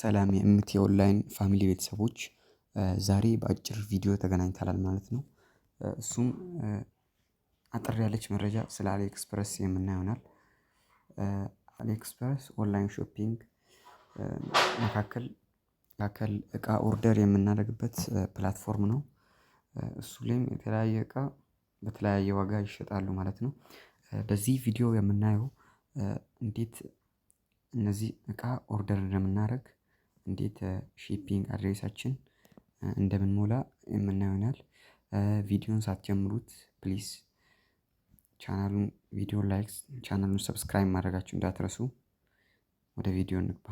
ሰላም የምት የኦንላይን ፋሚሊ ቤተሰቦች ዛሬ በአጭር ቪዲዮ ተገናኝተናል ማለት ነው። እሱም አጠር ያለች መረጃ ስለ አሊኤክስፕረስ የምና ይሆናል። አሊኤክስፕረስ ኦንላይን ሾፒንግ መካከል መካከል እቃ ኦርደር የምናደርግበት ፕላትፎርም ነው። እሱ ላይም የተለያየ እቃ በተለያየ ዋጋ ይሸጣሉ ማለት ነው። በዚህ ቪዲዮ የምናየው እንዴት እነዚህ እቃ ኦርደር እንደምናደርግ እንዴት ሺፒንግ አድሬሳችን እንደምንሞላ የምናየው ይሆናል። ቪዲዮን ሳትጀምሩት ፕሊዝ ቻናሉን ቪዲዮ ላይክ ቻናሉን ሰብስክራይብ ማድረጋችሁ እንዳትረሱ። ወደ ቪዲዮ እንግባ።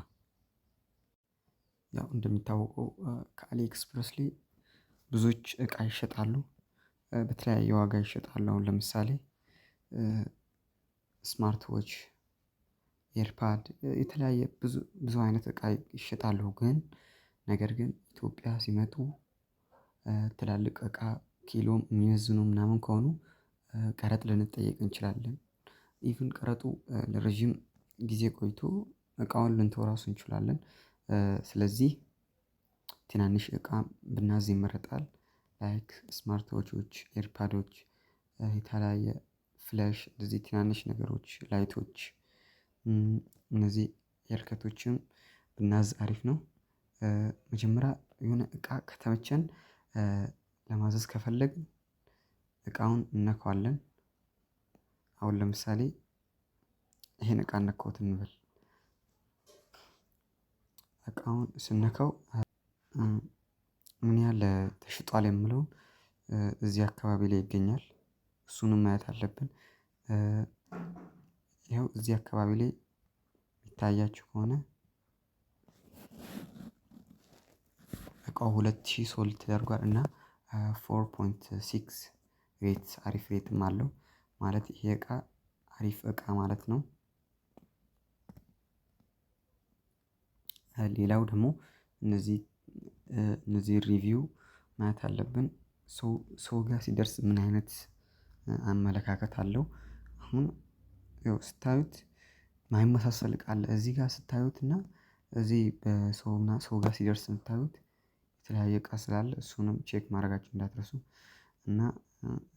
ያው እንደሚታወቀው ከአሊ ኤክስፕረስ ላይ ብዙዎች እቃ ይሸጣሉ፣ በተለያየ ዋጋ ይሸጣሉ። አሁን ለምሳሌ ስማርት ዎች ኤርፓድ የተለያየ ብዙ ብዙ አይነት እቃ ይሸጣሉ። ግን ነገር ግን ኢትዮጵያ ሲመጡ ትላልቅ እቃ ኪሎም የሚመዝኑ ምናምን ከሆኑ ቀረጥ ልንጠየቅ እንችላለን። ኢቭን ቀረጡ ለረዥም ጊዜ ቆይቶ እቃውን ልንተው ራሱ እንችላለን። ስለዚህ ትናንሽ እቃ ብናዝ ይመረጣል። ላይክ ስማርት ዎቾች ኤርፓዶች የተለያየ ፍለሽ እንደዚህ ትናንሽ ነገሮች ላይቶች እነዚህ የርከቶችም ብናዝ አሪፍ ነው። መጀመሪያ የሆነ እቃ ከተመቸን ለማዘዝ ከፈለግ እቃውን እንነካዋለን። አሁን ለምሳሌ ይሄን እቃ ነካሁት እንበል። እቃውን ስንነካው ምን ያህል ተሽጧል የምለውን እዚህ አካባቢ ላይ ይገኛል እሱንም ማየት አለብን። ይኸው እዚህ አካባቢ ላይ ይታያችሁ ከሆነ እቃው ሁለት ሺህ ሶል ተደርጓል እና ፎር ፖይንት ሲክስ ሬት አሪፍ ሬትም አለው ማለት ይሄ እቃ አሪፍ እቃ ማለት ነው። ሌላው ደግሞ እነዚህ እነዚህ ሪቪው ማየት አለብን። ሰው ሰው ጋር ሲደርስ ምን አይነት አመለካከት አለው አሁን ያው ስታዩት ማይመሳሰል እቃ አለ እዚህ ጋር ስታዩት እና እዚህ በሰው ሰው ጋር ሲደርስ ስታዩት የተለያየ እቃ ስላለ እሱንም ቼክ ማድረጋችሁ እንዳትረሱ እና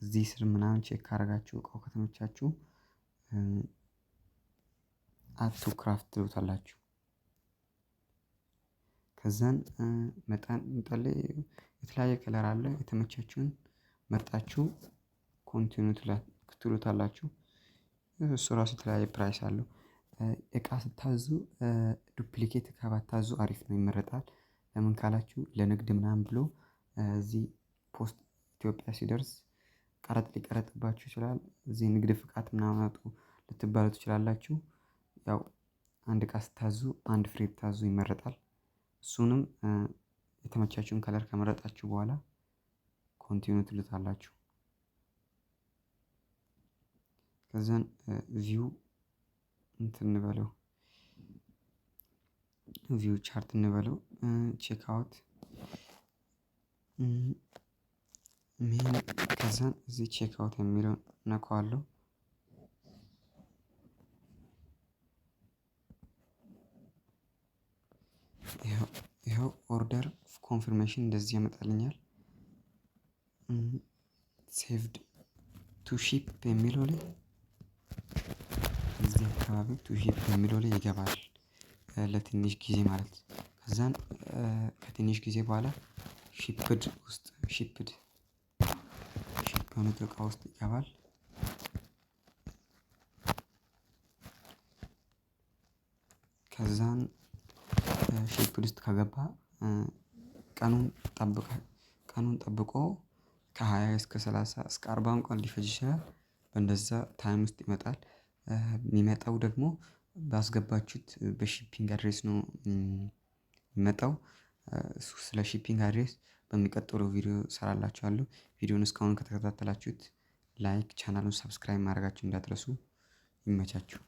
እዚህ ስር ምናምን ቼክ ካደረጋችሁ እቃው ከተመቻችሁ አድ ክራፍት ትሉታላችሁ። ከዛን መጠን ላይ የተለያየ ከለር አለ የተመቻችሁን መርጣችሁ ኮንቲኑ ትሉታላችሁ። እሱ ራሱ የተለያየ ፕራይስ አለው። እቃ ስታዙ ዱፕሊኬት እቃ ባታዙ አሪፍ ነው ይመረጣል። ለምን ካላችሁ ለንግድ ምናምን ብሎ እዚህ ፖስት ኢትዮጵያ ሲደርስ ቀረጥ ሊቀረጥባችሁ ይችላል። እዚህ ንግድ ፍቃድ ምናምን አውጡ ልትባሉ ትችላላችሁ። ያው አንድ እቃ ስታዙ አንድ ፍሬ ብታዙ ይመረጣል። እሱንም የተመቻችሁን ከለር ከመረጣችሁ በኋላ ኮንቲኒው ትሉታላችሁ ከዛን ቪው እንትን እንበለው ቪው ቻርት እንበለው ቼክ አውት ይሄን ከዛን እዚህ ቼክ አውት የሚለውን ነካዋለሁ። ይኸው ኦርደር ኮንፊርሜሽን እንደዚህ ያመጣልኛል። ሴቭድ ቱ ሺፕ የሚለው ላይ እዚህ አካባቢ ቱሂን በሚለው ላይ ይገባል። ለትንሽ ጊዜ ማለት ከዛን ከትንሽ ጊዜ በኋላ ሺፕድ ውስጥ ሺፕድ ሽፕድ እቃ ውስጥ ይገባል። ከዛን ሺፕድ ውስጥ ከገባ ቀኑን ጠብቀ ቀኑን ጠብቆ ከሃያ እስከ ሰላሳ እስከ አርባ እንኳን ሊፈጅ ይችላል በእንደዛ ታይም ውስጥ ይመጣል። የሚመጣው ደግሞ ባስገባችሁት በሺፒንግ አድሬስ ነው የሚመጣው። እሱ ስለ ሺፒንግ አድሬስ በሚቀጥለው ቪዲዮ ሰራላችኋለሁ። ቪዲዮን እስካሁን ከተከታተላችሁት ላይክ፣ ቻናሉን ሰብስክራይብ ማድረጋችሁ እንዳትረሱ። ይመቻችሁ።